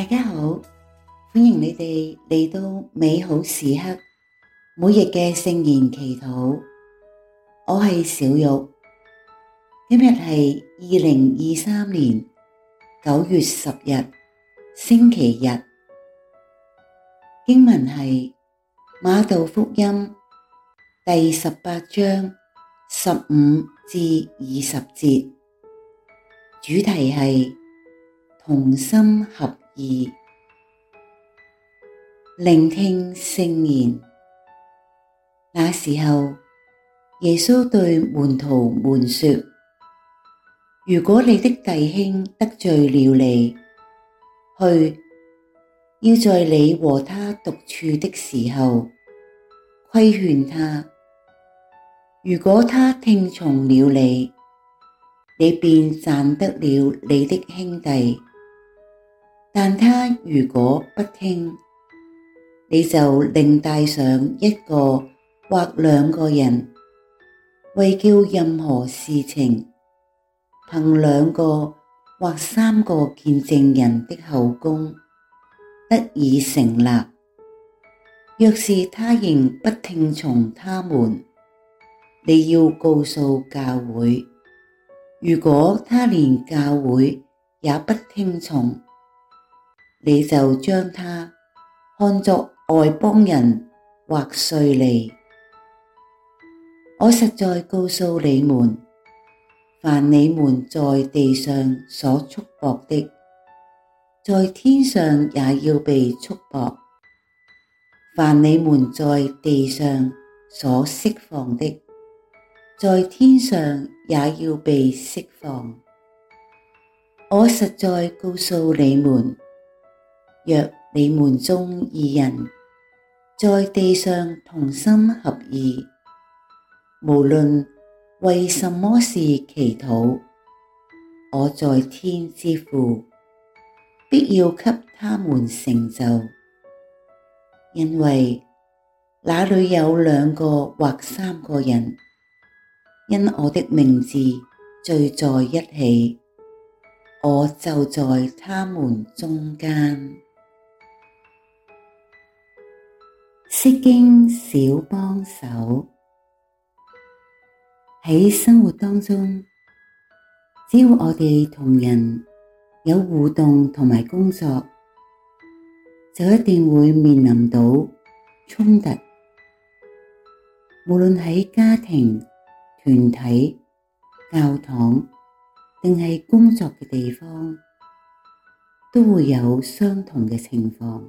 大家好，歡迎你哋嚟到美好時刻，每日嘅聖言祈禱。我係小玉，今日係二零二三年九月十日，星期日。經文係馬竇福音第十八章十五至二十節，主題係同心合。而聆聽聖言。那時候，耶穌對門徒們說：如果你的弟兄得罪了你，去，要在你和他獨處的時候，規勸他。如果他聽從了你，你便賺得了你的兄弟。但他如果不聽，你就另帶上一個或兩個人，為叫任何事情，憑兩個或三個見證人的口供，得以成立。若是他仍不聽從他們，你要告訴教會，如果他連教會也不聽從。你就將他看作外邦人或稅吏。我實在告訴你們：凡你們在地上所束縛的，在天上也要被束縛；凡你們在地上所釋放的，在天上也要被釋放。我實在告訴你們。若你們中二人，在地上同心合意，無論為什麼事祈禱，我在天之父，必要給他們成就，因為那裡有兩個或三個人，因我的名字聚在一起，我就在他們中間。釋經小幫手，喺生活當中，只要我哋同人有互動同埋工作，就一定會面臨到衝突。無論喺家庭、團體、教堂，定係工作嘅地方，都會有相同嘅情況。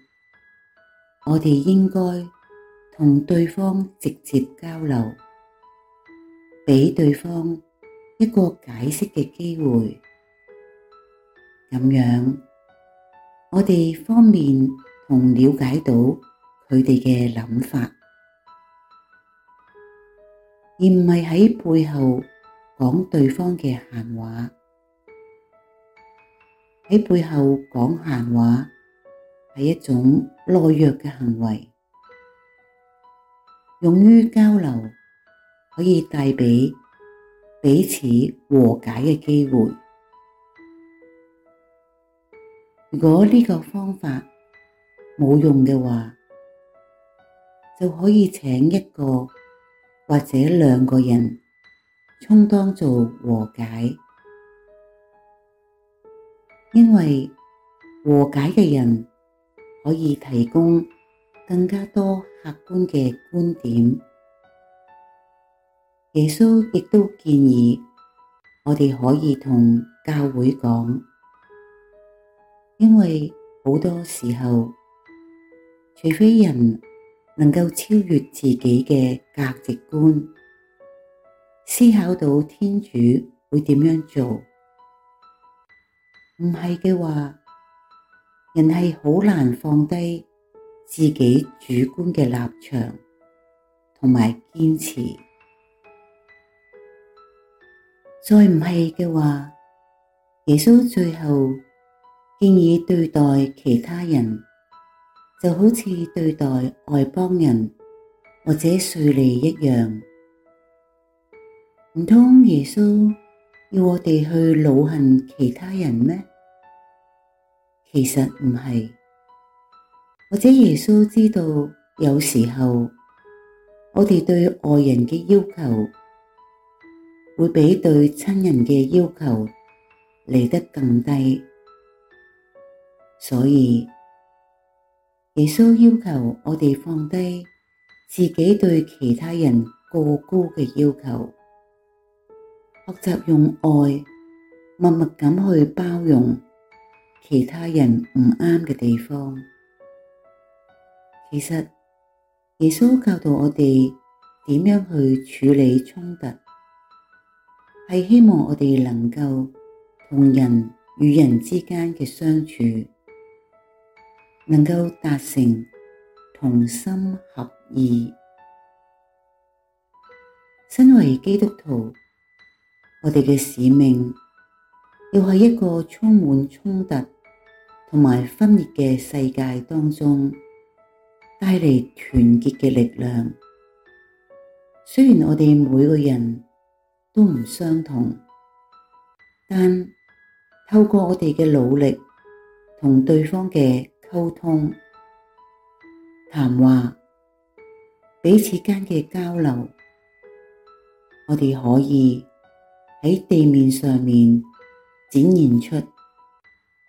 我哋應該同對方直接交流，畀對方一個解釋嘅機會，咁樣我哋方便同了解到佢哋嘅諗法，而唔係喺背後講對方嘅閒話，喺背後講閒話。係一種懦弱嘅行為，用於交流可以帶畀彼此和解嘅機會。如果呢個方法冇用嘅話，就可以請一個或者兩個人充當做和解，因為和解嘅人。可以提供更加多客觀嘅觀點。耶穌亦都建議我哋可以同教會講，因為好多時候，除非人能夠超越自己嘅價值觀，思考到天主會點樣做，唔係嘅話。人係好難放低自己主觀嘅立場同埋堅持，再唔係嘅話，耶穌最後建議對待其他人，就好似對待外邦人或者稅吏一樣，唔通耶穌要我哋去惱恨其他人咩？其實唔係，或者耶穌知道，有時候我哋對外人嘅要求，會比對親人嘅要求嚟得更低，所以耶穌要求我哋放低自己對其他人過高嘅要求，學習用愛默默咁去包容，其他人唔啱嘅地方，其實耶穌教導我哋點樣去處理衝突，係希望我哋能夠同人與人之間嘅相處能夠達成同心合意。身為基督徒，我哋嘅使命，要係一個充滿衝突。同埋分裂嘅世界當中，帶嚟團結嘅力量。雖然我哋每個人都唔相同，但透過我哋嘅努力同對方嘅溝通、談話、彼此間嘅交流，我哋可以喺地面上面展現出。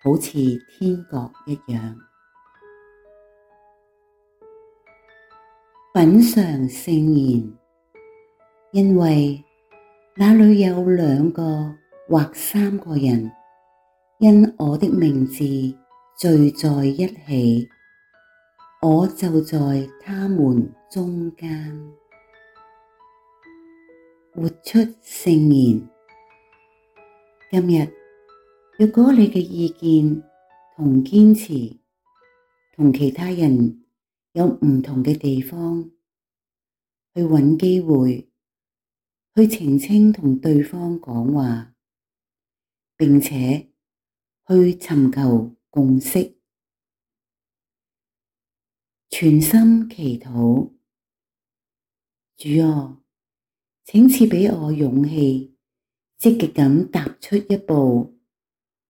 好似天國一樣。品嚐聖言，因為那裡有兩個或三個人，因我的名字聚在一起，我就在他們中間。活出聖言。今日。如果你嘅意見同堅持同其他人有唔同嘅地方，去揾機會去澄清同對方講話，並且去尋求共識，全心祈禱，主啊，請賜畀我勇氣，積極咁踏出一步。